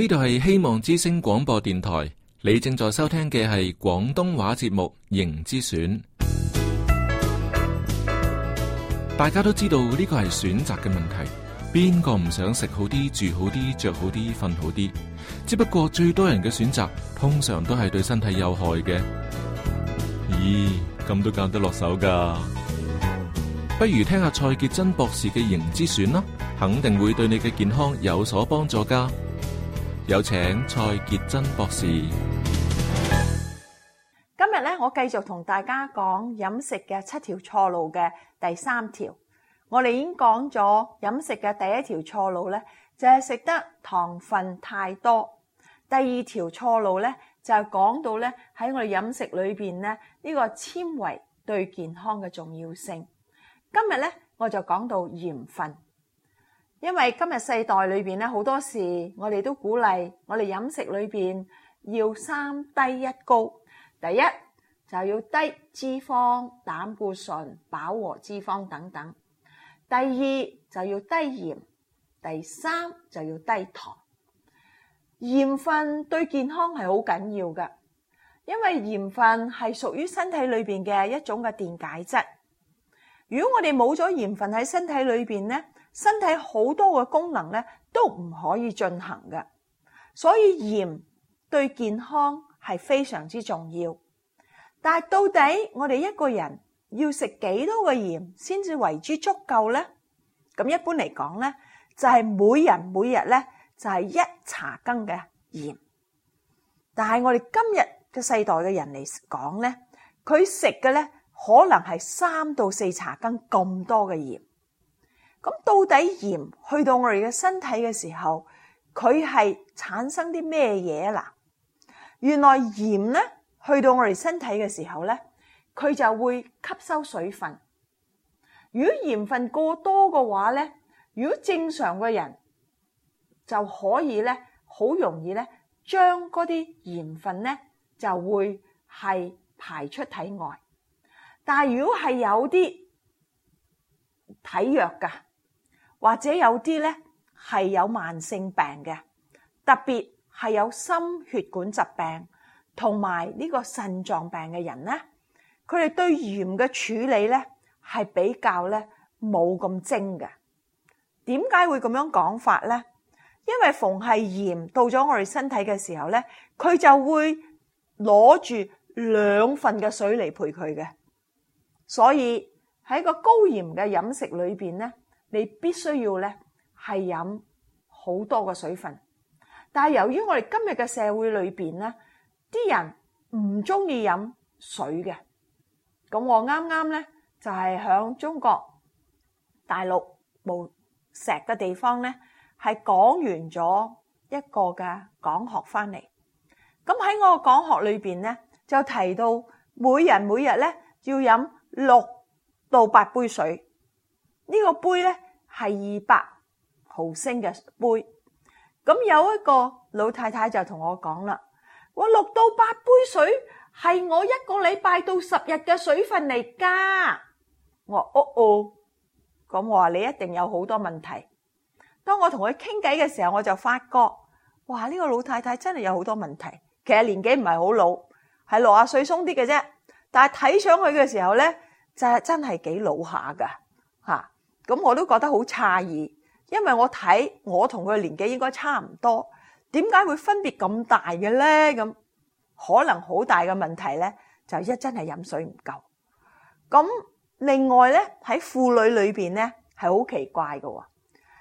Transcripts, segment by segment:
呢度係希望之星廣播電臺，你正在收聽嘅係廣東話節目《型之選》。大家都知道呢、這個係選擇嘅問題，邊個唔想食好啲、住好啲、着好啲、瞓好啲？只不過最多人嘅選擇通常都係對身體有害嘅。咦、嗯，咁都揀得落手噶？不如聽下蔡潔真博士嘅《型之選》啦，肯定會對你嘅健康有所幫助噶。有請蔡潔珍博士。今日咧，我繼續同大家講飲食嘅七條錯路嘅第三條。我哋已經講咗飲食嘅第一條錯路咧，就係食得糖分太多；第二條錯路咧，就係講到咧喺我哋飲食裏邊咧，呢個纖維對健康嘅重要性。今日咧，我就講到鹽分。因為今日世代裏邊咧，好多事我哋都鼓勵我哋飲食裏邊要三低一高。第一就要低脂肪、膽固醇、飽和脂肪等等；第二就要低鹽；第三就要低糖。鹽分對健康係好緊要嘅，因為鹽分係屬於身體裏邊嘅一種嘅電解質。如果我哋冇咗鹽分喺身體裏邊呢。身體好多嘅功能咧，都唔可以進行嘅，所以鹽對健康係非常之重要。但係到底我哋一個人要食幾多個鹽先至為之足夠呢？咁一般嚟講呢，就係每人每日呢就係一茶羹嘅鹽。但係我哋今日嘅世代嘅人嚟講呢，佢食嘅呢可能係三到四茶羹咁多嘅鹽。咁到底鹽去到我哋嘅身體嘅時候，佢係產生啲咩嘢啦？原來鹽咧去到我哋身體嘅時候咧，佢就會吸收水分。如果鹽分過多嘅話咧，如果正常嘅人就可以咧，好容易咧將嗰啲鹽分咧就會係排出體外。但係如果係有啲體弱㗎。或者有啲咧係有慢性病嘅，特別係有心血管疾病同埋呢個腎臟病嘅人咧，佢哋對鹽嘅處理咧係比較咧冇咁精嘅。點解會咁樣講法咧？因為逢係鹽到咗我哋身體嘅時候咧，佢就會攞住兩份嘅水嚟陪佢嘅，所以喺個高鹽嘅飲食裏邊咧。你必須要咧係飲好多嘅水分，但係由於我哋今日嘅社會裏邊咧，啲人唔中意飲水嘅，咁我啱啱咧就係響中國大陸無錫嘅地方咧，係講完咗一個嘅講學翻嚟，咁喺我嘅講學裏邊咧就提到每人每日咧要飲六到八杯水。呢個杯呢係二百毫升嘅杯，咁有一個老太太就同我講啦：我六到八杯水係我一個禮拜到十日嘅水分嚟㗎。我話：哦哦，咁我話你一定有好多問題。當我同佢傾偈嘅時候，我就發覺：哇！呢個老太太真係有好多問題。其實年紀唔係好老，係六啊歲鬆啲嘅啫。但係睇上去嘅時候呢，就係真係幾老下㗎。咁我都覺得好詫異，因為我睇我同佢年紀應該差唔多，點解會分別咁大嘅咧？咁可能好大嘅問題咧，就一真係飲水唔夠。咁另外咧，喺婦女裏邊咧係好奇怪噶喎，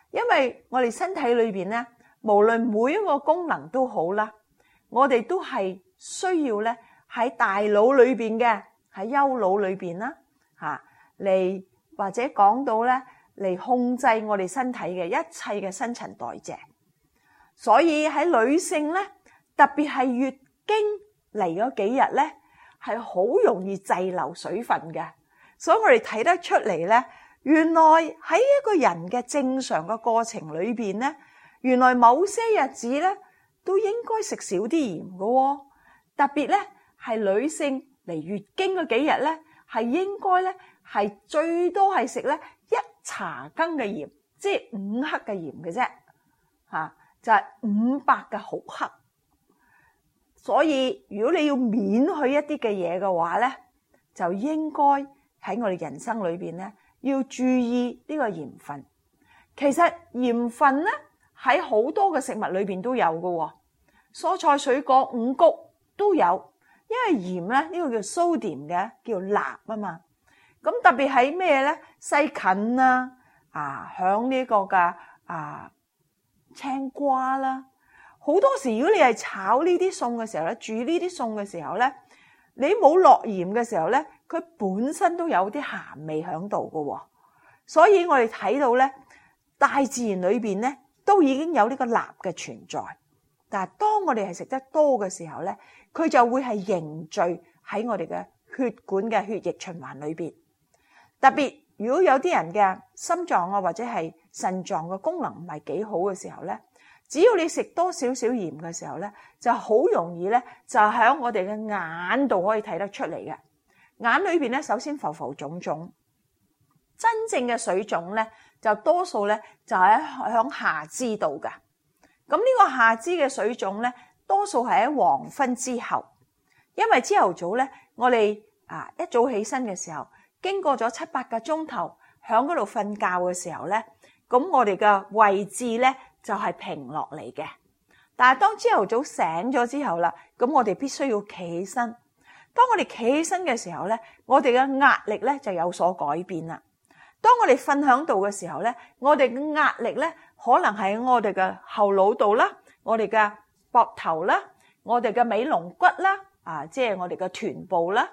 因為我哋身體裏邊咧，無論每一個功能都好啦，我哋都係需要咧喺大腦裏邊嘅，喺丘腦裏邊啦吓，嚟或者講到咧。嚟控制我哋身體嘅一切嘅新陳代謝，所以喺女性咧，特別係月經嚟嗰幾日咧，係好容易滯留水分嘅。所以我哋睇得出嚟咧，原來喺一個人嘅正常嘅過程裏邊咧，原來某些日子咧都應該食少啲鹽㗎。特別咧係女性嚟月經嗰幾日咧，係應該咧係最多係食咧。茶羹嘅鹽，即係五克嘅鹽嘅啫、啊，就係、是、五百嘅毫克。所以如果你要免去一啲嘅嘢嘅話咧，就應該喺我哋人生裏面咧要注意呢個鹽分。其實鹽分咧喺好多嘅食物裏面都有㗎喎、哦，蔬菜水果五穀都有，因為鹽咧呢、這個叫蘇甜嘅，叫辣啊嘛。咁特別係咩咧？西芹啦、啊，啊，響呢個嘅啊青瓜啦，好多時如果你係炒呢啲餸嘅時候咧，煮呢啲餸嘅時候咧，你冇落鹽嘅時候咧，佢本身都有啲鹹味喺度嘅喎。所以我哋睇到咧，大自然裏面咧都已經有呢個鈉嘅存在。但係當我哋係食得多嘅時候咧，佢就會係凝聚喺我哋嘅血管嘅血液循環裏面。特別如果有啲人嘅心臟啊，或者係腎臟嘅功能唔係幾好嘅時候咧，只要你食多少少鹽嘅時候咧，就好容易咧就喺我哋嘅眼度可以睇得出嚟嘅。眼裏邊咧，首先浮浮腫腫，真正嘅水腫咧就多數咧就喺響下肢度㗎。咁呢個下肢嘅水腫咧，多數係喺黃昏之後，因為朝頭早咧，我哋啊一早起身嘅時候。經過咗七八個鐘頭，喺嗰度瞓覺嘅時候咧，咁我哋嘅位置咧就係平落嚟嘅。但係當朝頭早醒咗之後啦，咁我哋必須要企起身。當我哋企起身嘅時候咧，我哋嘅壓力咧就有所改變啦。當我哋瞓響度嘅時候咧，我哋嘅壓力咧可能喺我哋嘅後腦度啦，我哋嘅膊頭啦，我哋嘅尾龍骨啦，啊，即係我哋嘅臀部啦。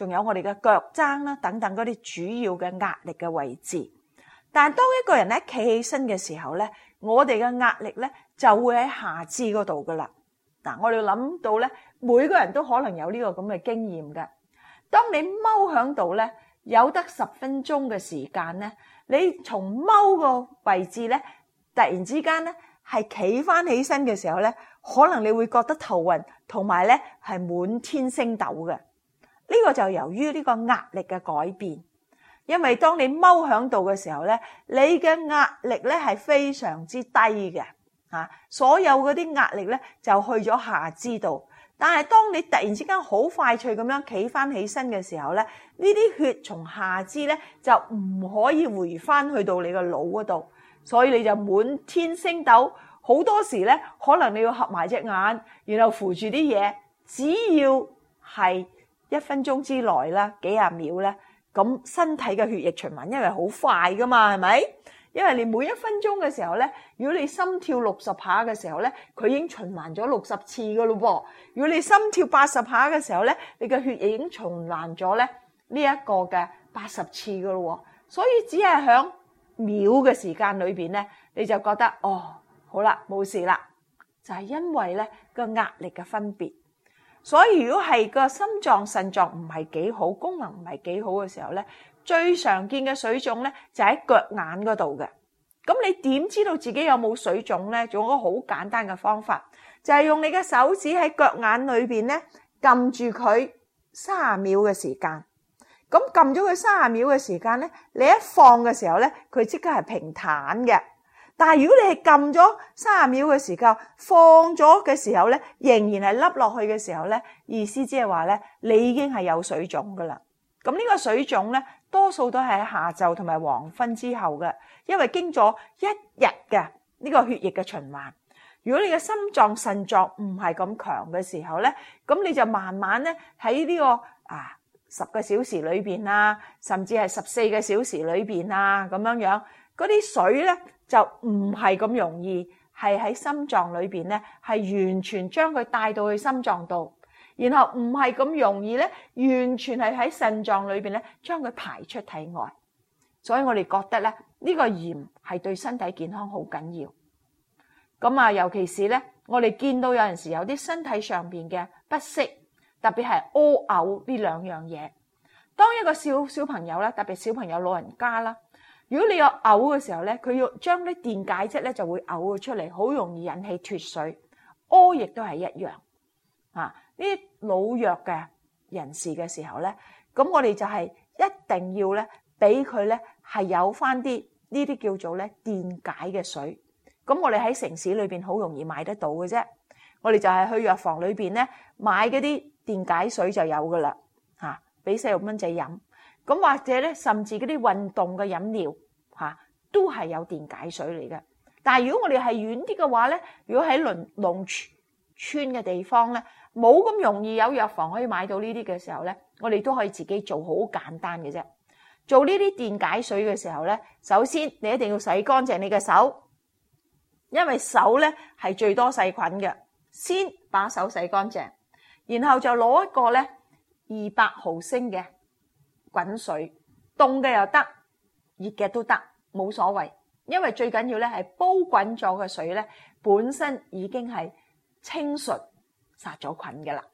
仲有我哋嘅腳踭啦，等等嗰啲主要嘅壓力嘅位置。但係當一個人咧企起身嘅時候咧，我哋嘅壓力咧就會喺下肢嗰度噶啦。嗱，我哋諗到咧，每個人都可能有呢個咁嘅經驗嘅。當你踎響度咧，有得十分鐘嘅時間咧，你從踎個位置咧，突然之間咧係企返起身嘅時候咧，可能你會覺得頭暈，同埋咧係滿天星斗嘅。呢個就由於呢個壓力嘅改變，因為當你踎響度嘅時候咧，你嘅壓力咧係非常之低嘅嚇，所有嗰啲壓力咧就去咗下肢度。但係當你突然之間好快脆咁樣企翻起身嘅時候咧，呢啲血從下肢咧就唔可以回翻去到你個腦嗰度，所以你就滿天星斗好多時咧，可能你要合埋隻眼，然後扶住啲嘢，只要係。一分鐘之內啦，幾廿秒咧，咁身體嘅血液循環，因為好快噶嘛，係咪？因為你每一分鐘嘅時候咧，如果你心跳六十下嘅時候咧，佢已經循環咗六十次噶咯喎。如果你心跳八十下嘅時候咧，你嘅血液已經循環咗咧呢一個嘅八十次噶咯喎。所以只係響秒嘅時間裏邊咧，你就覺得哦，好啦，冇事啦，就係因為咧個壓力嘅分別。所以如果係個心臟、腎臟唔係幾好，功能唔係幾好嘅時候咧，最常見嘅水腫咧就喺腳眼嗰度嘅。咁你點知道自己有冇水腫咧？用一個好簡單嘅方法，就係用你嘅手指喺腳眼裏邊咧撳住佢三十秒嘅時間。咁撳咗佢三十秒嘅時間咧，你一放嘅時候咧，佢即刻係平坦嘅。但係如果你係撳咗三十秒嘅時間，放咗嘅時候咧，仍然係凹落去嘅時候咧，意思即係話咧，你已經係有水腫噶啦。咁呢個水腫咧，多數都係喺下晝同埋黃昏之後嘅，因為經咗一日嘅呢個血液嘅循環。如果你嘅心臟腎臟唔係咁強嘅時候咧，咁你就慢慢咧喺呢個啊十個小時裏邊啦，甚至係十四個小時裏邊啦，咁樣樣。嗰啲水咧就唔係咁容易，係喺心臟裏面咧，係完全將佢帶到去心臟度，然後唔係咁容易咧，完全係喺腎臟裏面咧將佢排出體外。所以我哋覺得咧，呢個鹽係對身體健康好緊要。咁啊，尤其是咧，我哋見到有陣時有啲身體上面嘅不適，特別係屙嘔呢兩樣嘢。當一個小小朋友啦，特別小朋友、朋友老人家啦。如果你有嘔嘅時候咧，佢要將啲電解質咧就會嘔咗出嚟，好容易引起脫水。屙亦都係一樣。啊，呢啲老弱嘅人士嘅時候咧，咁我哋就係一定要咧，俾佢咧係有翻啲呢啲叫做咧電解嘅水。咁我哋喺城市裏面好容易買得到嘅啫。我哋就係去藥房裏面咧買嗰啲電解水就有噶啦。嚇、啊，俾細路蚊仔飲。咁或者咧，甚至嗰啲運動嘅飲料嚇，都係有電解水嚟嘅。但係如果我哋係遠啲嘅話咧，如果喺農農村嘅地方咧，冇咁容易有藥房可以買到呢啲嘅時候咧，我哋都可以自己做好簡單嘅啫。做呢啲電解水嘅時候咧，首先你一定要洗乾淨你嘅手，因為手咧係最多細菌嘅，先把手洗乾淨，然後就攞一個咧二百毫升嘅。滾水，凍嘅又得，熱嘅都得，冇所謂。因為最緊要咧係煲滾咗嘅水咧，本身已經係清純殺咗菌㗎啦。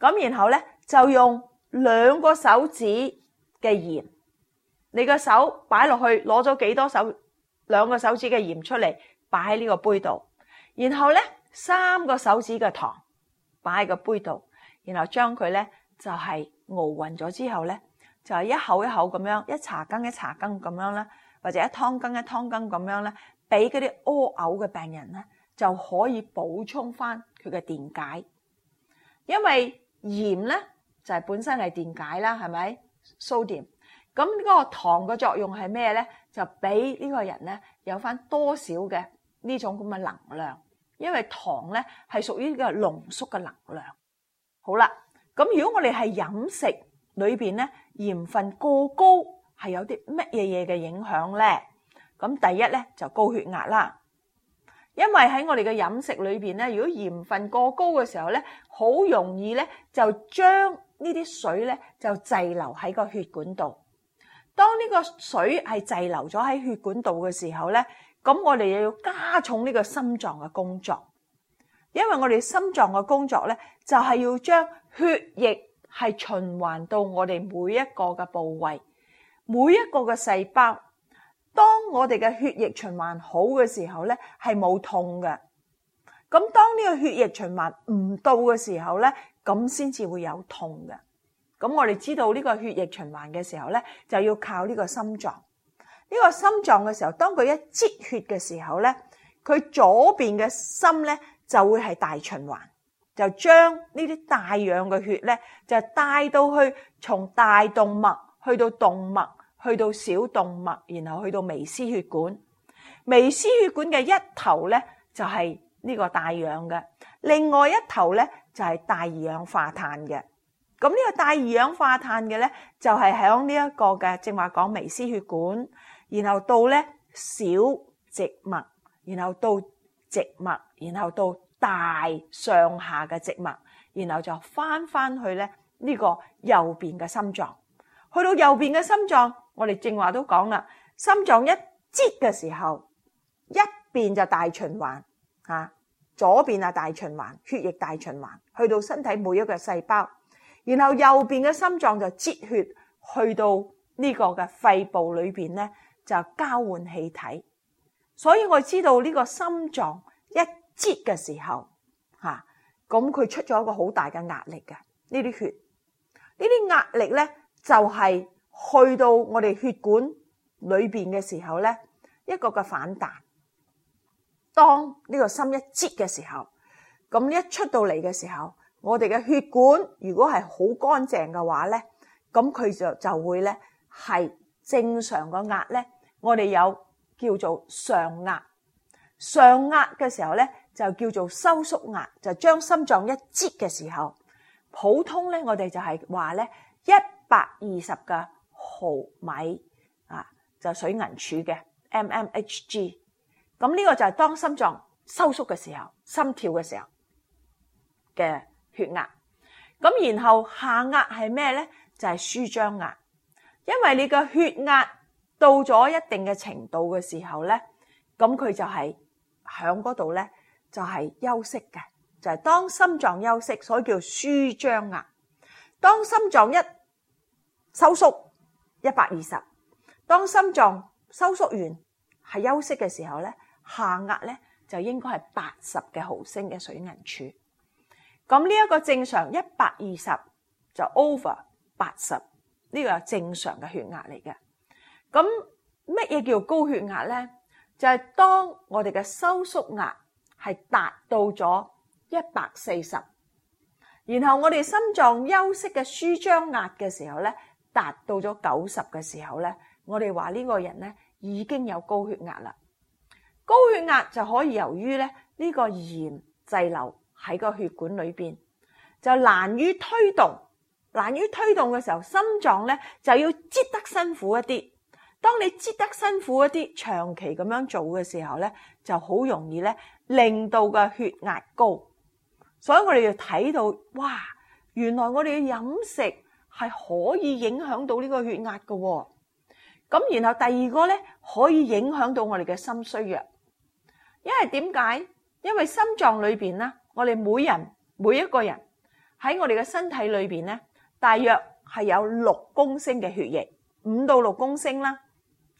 咁然後咧就用兩個手指嘅鹽，你個手擺落去，攞咗幾多手兩個手指嘅鹽出嚟，擺喺呢個杯度。然後咧三個手指嘅糖擺喺個杯度，然後將佢咧就係熬匀咗之後咧。就係、是、一口一口咁樣，一茶羹一茶羹咁樣咧，或者一湯羹一湯羹咁樣咧，俾嗰啲屙嘔嘅病人咧，就可以補充翻佢嘅電解。因為鹽咧就係本身係電解啦，係咪？Sodium。咁嗰個糖嘅作用係咩咧？就俾呢個人咧有翻多少嘅呢種咁嘅能量。因為糖咧係屬於呢個濃縮嘅能量好。好啦，咁如果我哋係飲食。裏邊咧鹽分過高係有啲乜嘢嘢嘅影響咧？咁第一咧就高血壓啦，因為喺我哋嘅飲食裏邊咧，如果鹽分過高嘅時候咧，好容易咧就將呢啲水咧就滯留喺個血管度。當呢個水係滯留咗喺血管度嘅時候咧，咁我哋又要加重呢個心臟嘅工作，因為我哋心臟嘅工作咧就係要將血液。係循環到我哋每一個嘅部位，每一個嘅細胞。當我哋嘅血液循環好嘅時候咧，係冇痛嘅。咁當呢個血液循環唔到嘅時候咧，咁先至會有痛嘅。咁我哋知道呢個血液循環嘅時候咧，就要靠呢個心臟。呢個心臟嘅時候，當佢一擠血嘅時候咧，佢左邊嘅心咧就會係大循環。就將呢啲帶氧嘅血咧，就帶到去從大動脈去到動脈，去到小動脈，然後去到微絲血管。微絲血管嘅一頭咧就係呢個帶氧嘅，另外一頭咧就係帶二氧化碳嘅。咁呢個帶二氧化碳嘅咧，就係響呢一個嘅正話講微絲血管，然後到咧小植物，然後到植物，然後到。大上下嘅植物，然後就翻翻去咧呢個右邊嘅心臟，去到右邊嘅心臟，我哋正話都講啦，心臟一擠嘅時候，一邊就大循環吓，左邊啊大循環，血液大循環去到身體每一個細胞，然後右邊嘅心臟就擠血去到呢個嘅肺部裏邊咧就交換氣體，所以我知道呢個心臟一擠嘅時候，吓，咁佢出咗一個好大嘅壓力嘅呢啲血，呢啲壓力咧就係去到我哋血管裏邊嘅時候咧，一個嘅反彈。當呢個心一擠嘅時候，咁一出到嚟嘅時候，我哋嘅血管如果係好乾淨嘅話咧，咁佢就就會咧係正常個壓咧，我哋有叫做上壓，上壓嘅時候咧。就叫做收縮壓，就將、是、心臟一擠嘅時候，普通咧，我哋就係話咧一百二十嘅毫米啊，就是、水銀柱嘅 mmHg。咁呢個就係當心臟收縮嘅時候，心跳嘅時候嘅血壓。咁然後下壓係咩咧？就係、是、舒張壓，因為你嘅血壓到咗一定嘅程度嘅時候咧，咁佢就係響嗰度咧。就係休息嘅，就係當心臟休息，所以叫舒張壓。當心臟一收縮一百二十，當心臟收縮完係休息嘅時候咧，下壓咧就應該係八十嘅毫升嘅水銀柱。咁呢一個正常一百二十就 over 八十，呢個係正常嘅血壓嚟嘅。咁乜嘢叫高血壓咧？就係當我哋嘅收縮壓。係達到咗一百四十，然後我哋心臟休息嘅舒張壓嘅時候咧，達到咗九十嘅時候咧，我哋話呢個人咧已經有高血壓啦。高血壓就可以由於咧呢個鹽滯留喺個血管裏邊，就難於推動，難於推動嘅時候，心臟咧就要擠得辛苦一啲。當你食得辛苦一啲，長期咁樣做嘅時候咧，就好容易咧令到個血壓高。所以我哋要睇到，哇，原來我哋嘅飲食係可以影響到呢個血壓嘅喎。咁然後第二個咧，可以影響到我哋嘅心衰弱。因爲點解？因爲心臟裏邊咧，我哋每人每一個人喺我哋嘅身體裏邊咧，大約係有六公升嘅血液，五到六公升啦。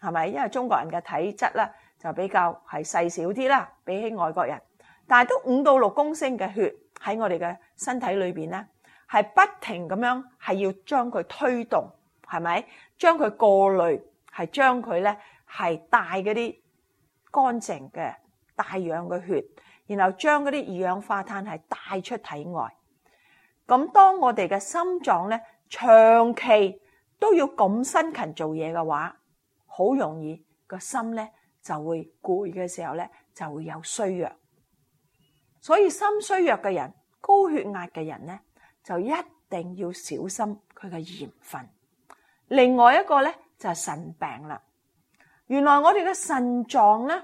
係咪？因為中國人嘅體質咧，就比較係細少啲啦，比起外國人。但係都五到六公升嘅血喺我哋嘅身體裏邊咧，係不停咁樣係要將佢推動，係咪？將佢過濾，係將佢咧係帶嗰啲乾淨嘅帶氧嘅血，然後將嗰啲二氧化碳係帶出體外。咁當我哋嘅心臟咧長期都要咁辛勤做嘢嘅話，好容易個心咧就會攰嘅時候咧就會有衰弱，所以心衰弱嘅人、高血壓嘅人咧就一定要小心佢嘅鹽分。另外一個咧就係、是、腎病啦。原來我哋嘅腎臟咧，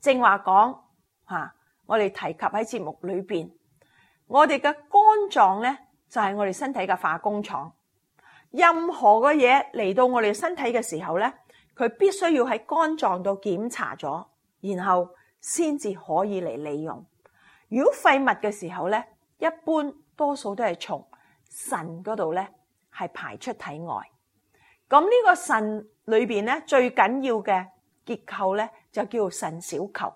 正話講吓，我哋提及喺節目裏邊，我哋嘅肝臟咧就係、是、我哋身體嘅化工廠。任何嘅嘢嚟到我哋身體嘅時候咧。佢必須要喺肝臟度檢查咗，然後先至可以嚟利用。如果廢物嘅時候咧，一般多數都係從腎嗰度咧係排出體外。咁呢個腎裏邊咧最緊要嘅結構咧就叫做腎小球。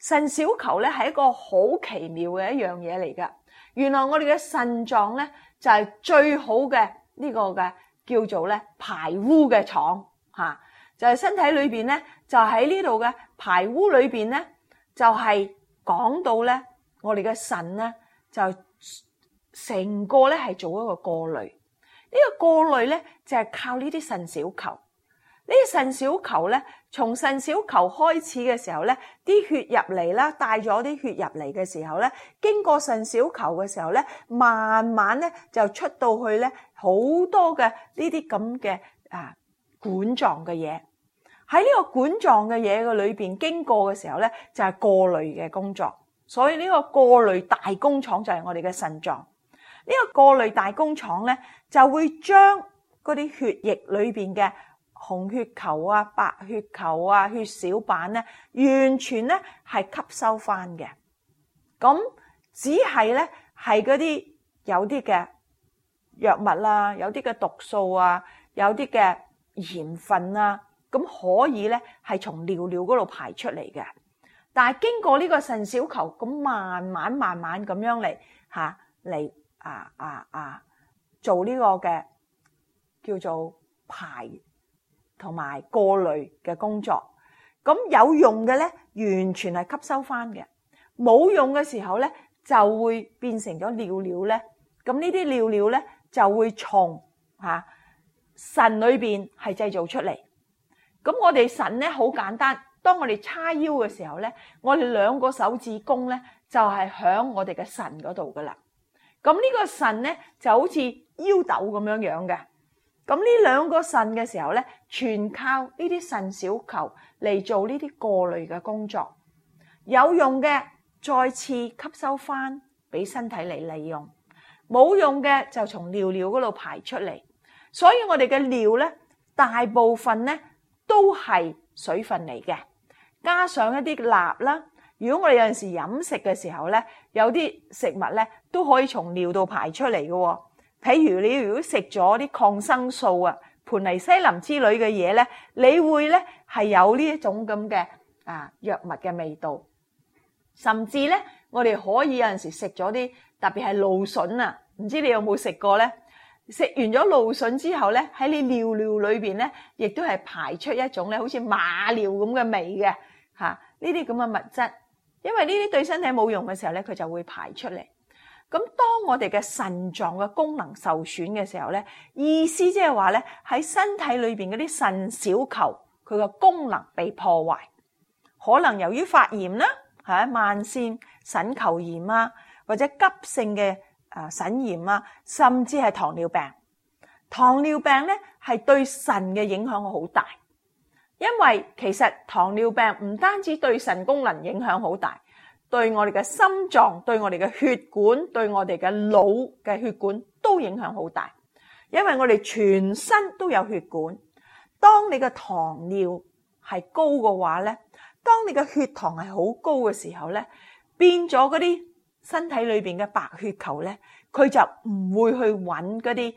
腎小球咧係一個好奇妙嘅一樣嘢嚟噶。原來我哋嘅腎臟咧就係最好嘅呢個嘅叫做咧排污嘅廠嚇。就係身體裏邊咧，就喺呢度嘅排污裏邊咧，就係講到咧，我哋嘅腎咧，就成個咧係做一個過濾。呢個過濾咧就係靠呢啲腎小球。呢啲腎小球咧，從腎小球開始嘅時候咧，啲血入嚟啦，帶咗啲血入嚟嘅時候咧，經過腎小球嘅時候咧，慢慢咧就出到去咧，好多嘅呢啲咁嘅啊管狀嘅嘢。喺呢個管狀嘅嘢嘅裏邊經過嘅時候咧，就係過濾嘅工作。所以呢個過濾大工廠就係我哋嘅腎臟。呢個過濾大工廠咧，就會將嗰啲血液裏邊嘅紅血球啊、白血球啊、血小板咧，完全咧係吸收翻嘅。咁只係咧係嗰啲有啲嘅藥物啦、啊，有啲嘅毒素啊，有啲嘅鹽分啊。咁可以咧，係從尿尿嗰度排出嚟嘅。但係經過呢個腎小球，咁慢慢慢慢咁樣嚟嚇嚟啊啊啊，做呢個嘅叫做排同埋過濾嘅工作。咁有用嘅咧，完全係吸收返嘅；冇用嘅時候咧，就會變成咗尿尿咧。咁呢啲尿尿咧就會從嚇腎裏邊係製造出嚟。咁我哋腎咧好簡單，當我哋叉腰嘅時候咧，我哋兩個手指公咧就係喺我哋嘅腎嗰度㗎喇。咁呢個腎咧就好似腰豆咁樣樣嘅。咁呢兩個腎嘅時候咧，全靠呢啲腎小球嚟做呢啲過濾嘅工作，有用嘅再次吸收返俾身體嚟利用，冇用嘅就從尿尿嗰度排出嚟。所以我哋嘅尿咧大部分咧，都係水分嚟嘅，加上一啲鈉啦。如果我哋有陣時飲食嘅時候咧，有啲食物咧都可以從尿道排出嚟嘅。譬如你如果食咗啲抗生素啊，盤尼西林之類嘅嘢咧，你會咧係有呢一種咁嘅啊藥物嘅味道。甚至咧，我哋可以有陣時食咗啲，特別係蘆筍啊，唔知你有冇食過咧？食完咗露筍之後咧，喺你尿尿裏面咧，亦都係排出一種咧，好似馬尿咁嘅味嘅呢啲咁嘅物質，因為呢啲對身體冇用嘅時候咧，佢就會排出嚟。咁、啊、當我哋嘅腎臟嘅功能受損嘅時候咧，意思即係話咧，喺身體裏面嗰啲腎小球佢嘅功能被破壞，可能由於發炎啦、啊、慢性腎球炎啊，或者急性嘅。啊，腎炎啊，甚至係糖尿病。糖尿病咧，係對腎嘅影響好大，因為其實糖尿病唔單止對腎功能影響好大對，對我哋嘅心臟、對我哋嘅血管、對我哋嘅腦嘅血管都影響好大，因為我哋全身都有血管。當你嘅糖尿係高嘅話咧，當你嘅血糖係好高嘅時候咧，變咗嗰啲。身體裏邊嘅白血球咧，佢就唔會去揾嗰啲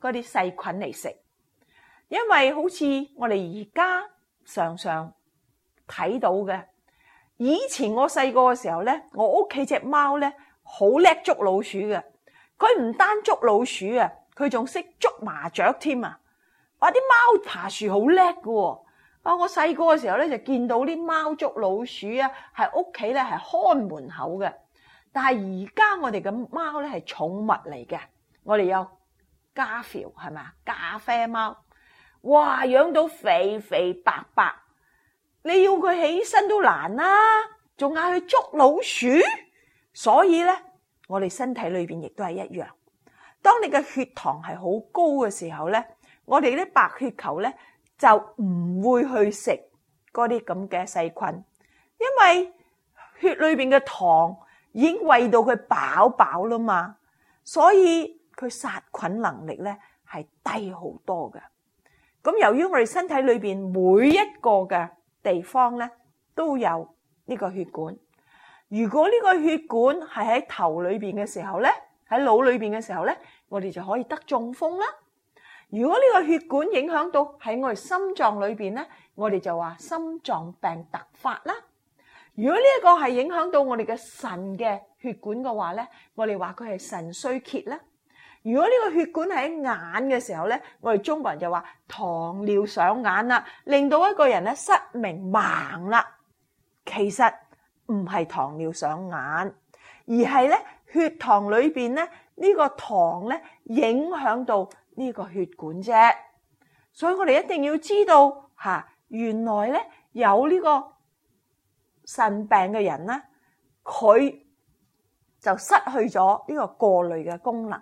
嗰啲細菌嚟食，因為好似我哋而家常常睇到嘅。以前我細個嘅時候咧，我屋企隻貓咧好叻捉老鼠嘅，佢唔單捉老鼠啊，佢仲識捉麻雀添啊！哇，啲貓爬樹好叻嘅喎，啊我細個嘅時候咧就見到啲貓捉老鼠啊，喺屋企咧係看門口嘅。但係而家我哋嘅貓咧係寵物嚟嘅，我哋有咖啡，係咪啊？咖啡貓，哇！養到肥肥白白，你要佢起身都難啦，仲嗌佢捉老鼠。所以咧，我哋身體裏邊亦都係一樣。當你嘅血糖係好高嘅時候咧，我哋啲白血球咧就唔會去食嗰啲咁嘅細菌，因為血裏邊嘅糖。已經餵到佢飽飽啦嘛，所以佢殺菌能力咧係低好多嘅。咁由於我哋身體裏邊每一個嘅地方咧都有呢個血管，如果呢個血管係喺頭裏邊嘅時候咧，喺腦裏邊嘅時候咧，我哋就可以得中風啦。如果呢個血管影響到喺我哋心臟裏邊咧，我哋就話心臟病突發啦。如果呢一個係影響到我哋嘅腎嘅血管嘅話呢，我哋話佢係腎衰竭啦。如果呢個血管喺眼嘅時候呢，我哋中國人就話糖尿上眼啦，令到一個人咧失明盲啦。其實唔係糖尿上眼，而係呢，血糖裏邊呢呢個糖呢影響到呢個血管啫。所以我哋一定要知道吓，原來呢有呢個。腎病嘅人咧，佢就失去咗呢個過濾嘅功能。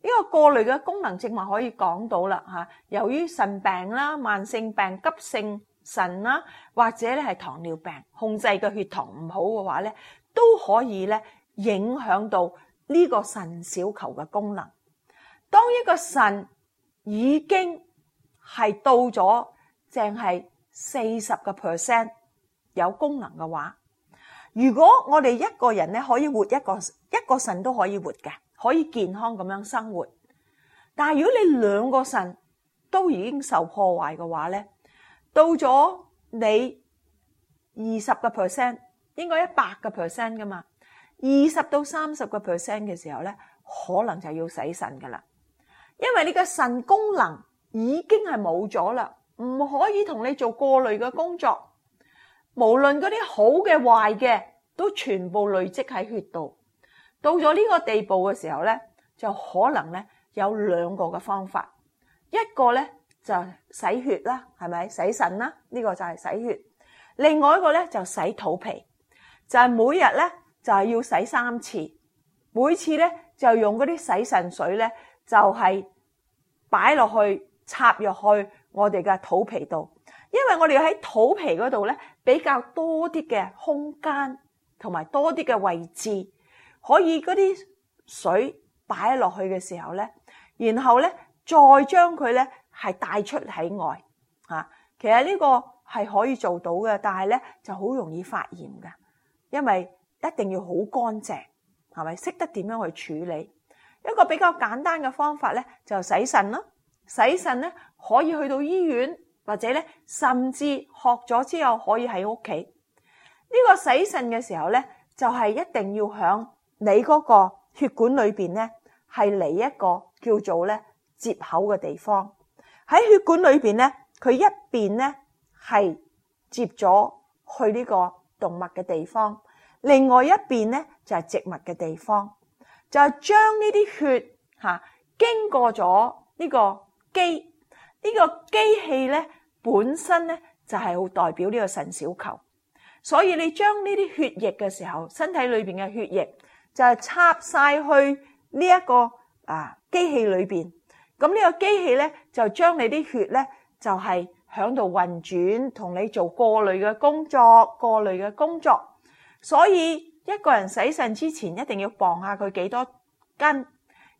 呢個過濾嘅功能正話可以講到啦，吓，由於腎病啦，慢性病、急性腎啦，或者咧係糖尿病控制嘅血糖唔好嘅話咧，都可以咧影響到呢個腎小球嘅功能。當一個腎已經係到咗淨係四十個 percent，有功能嘅話，如果我哋一個人咧可以活一個一個腎都可以活嘅，可以健康咁樣生活。但係如果你兩個腎都已經受破壞嘅話呢，到咗你二十個 percent，應該一百個 percent 噶嘛，二十到三十個 percent 無論嗰啲好嘅、壞嘅，都全部累積喺血度。到咗呢個地步嘅時候咧，就可能咧有兩個嘅方法。一個咧就洗血啦，係咪洗腎啦？呢、這個就係洗血。另外一個咧就洗肚皮，就係、是、每日咧就係要洗三次，每次咧就用嗰啲洗腎水咧，就係擺落去插入去我哋嘅肚皮度。因為我哋要喺肚皮嗰度咧，比較多啲嘅空間，同埋多啲嘅位置，可以嗰啲水擺落去嘅時候咧，然後咧再將佢咧係帶出體外啊。其實呢個係可以做到嘅，但係咧就好容易發炎噶，因為一定要好乾淨，係咪？識得點樣去處理？一個比較簡單嘅方法咧，就洗腎囉。洗腎咧可以去到醫院。或者咧，甚至學咗之後可以喺屋企呢個洗腎嘅時候咧，就係一定要響你嗰個血管裏邊咧，係嚟一個叫做咧接口嘅地方喺血管裏邊咧，佢一邊咧係接咗去呢個動脈嘅地方，另外一邊咧就係靜脈嘅地方，就係將呢啲血嚇經過咗呢個機呢個機器咧。本身呢,就係好代表呢個腎小球。所以,你將呢啲血液嘅時候,身體裏面嘅血液,就係插晒去呢一個,啊,機器裏面。咁,呢個機器呢,就將你啲血呢,就係,喺度運轉,同你做過濾嘅工作,過濾嘅工作。所以,一個人洗腎之前,一定要磅下佢幾多斤。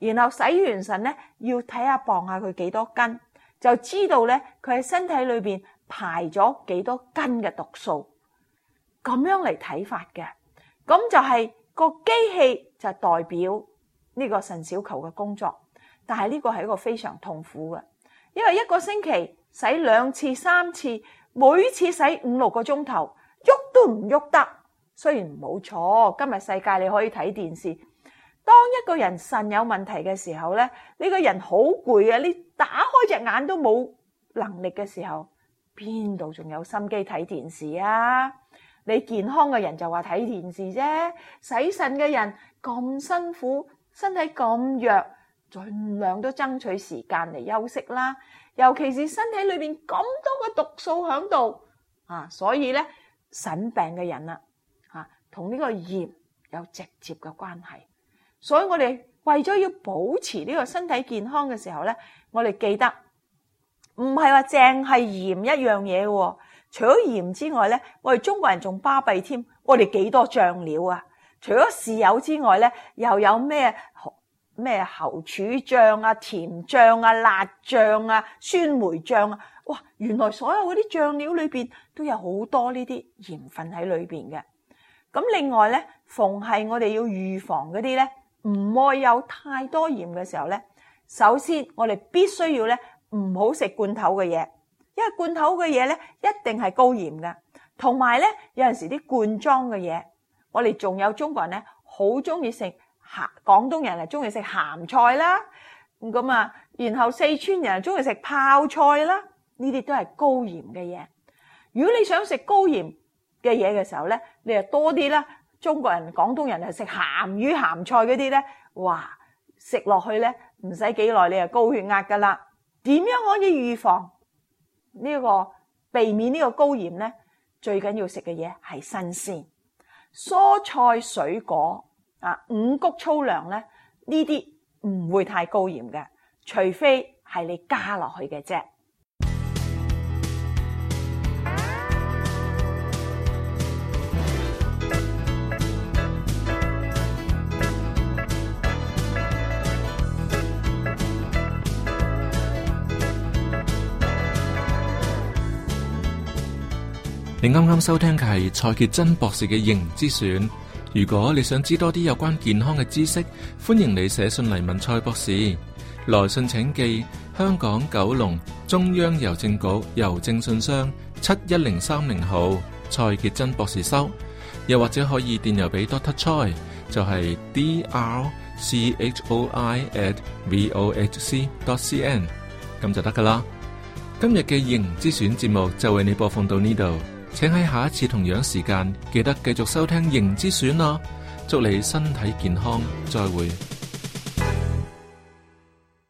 然後,洗完腎呢,要睇下磅下佢幾多斤。就知道咧，佢喺身體裏邊排咗幾多斤嘅毒素，咁樣嚟睇法嘅。咁就係個機器就代表呢個腎小球嘅工作，但係呢個係一個非常痛苦嘅，因為一個星期洗兩次、三次，每次洗五六個鐘頭，喐都唔喐得。雖然冇錯，今日世界你可以睇電視。當一個人腎有問題嘅時候咧，呢個人好攰啊，你打開隻眼都冇能力嘅時候，邊度仲有心機睇電視啊？你健康嘅人就話睇電視啫，洗腎嘅人咁辛苦，身體咁弱，盡量都爭取時間嚟休息啦。尤其是身體裏面咁多個毒素喺度啊，所以咧腎病嘅人啦，啊，同呢個鹽有直接嘅關係。所以我哋為咗要保持呢個身體健康嘅時候咧，我哋記得唔係話淨係鹽一樣嘢嘅。除咗鹽之外咧，我哋中國人仲巴閉添。我哋幾多醬料啊？除咗豉油之外咧，又有咩咩柱侯醬啊、甜醬啊、辣醬啊、酸梅醬啊？哇！原來所有嗰啲醬料裏邊都有好多呢啲鹽分喺裏邊嘅。咁另外咧，逢係我哋要預防嗰啲咧，唔會有太多鹽嘅時候咧，首先我哋必須要咧唔好食罐頭嘅嘢，因為罐頭嘅嘢咧一定係高鹽嘅。同埋咧，有陣時啲罐裝嘅嘢，我哋仲有中國人咧好中意食鹹，廣東人係中意食鹹菜啦咁啊，然後四川人中意食泡菜啦，呢啲都係高鹽嘅嘢。如果你想食高鹽嘅嘢嘅時候咧，你就多啲啦。中國人、廣東人係食鹹魚、鹹菜嗰啲咧，哇！食落去咧唔使幾耐，你就高血壓噶啦。點樣可以預防呢個避免呢個高鹽咧？最緊要食嘅嘢係新鮮蔬菜、水果啊，五谷粗糧咧呢啲唔會太高鹽嘅，除非係你加落去嘅啫。你啱啱收聽嘅係蔡潔貞博士嘅營之選。如果你想知多啲有關健康嘅知識，歡迎你寫信嚟問蔡博士。來信請寄香港九龍中央郵政局郵政信箱七一零三零號蔡潔貞博士收。又或者可以電郵俾 Dr. Choi，就係 d r c h o i at v o h c dot c n，咁就得噶啦。今日嘅營之選節目就為你播放到呢度。請喺下一次同樣時間記得繼續收聽《形之選》咯！祝你身體健康，再會。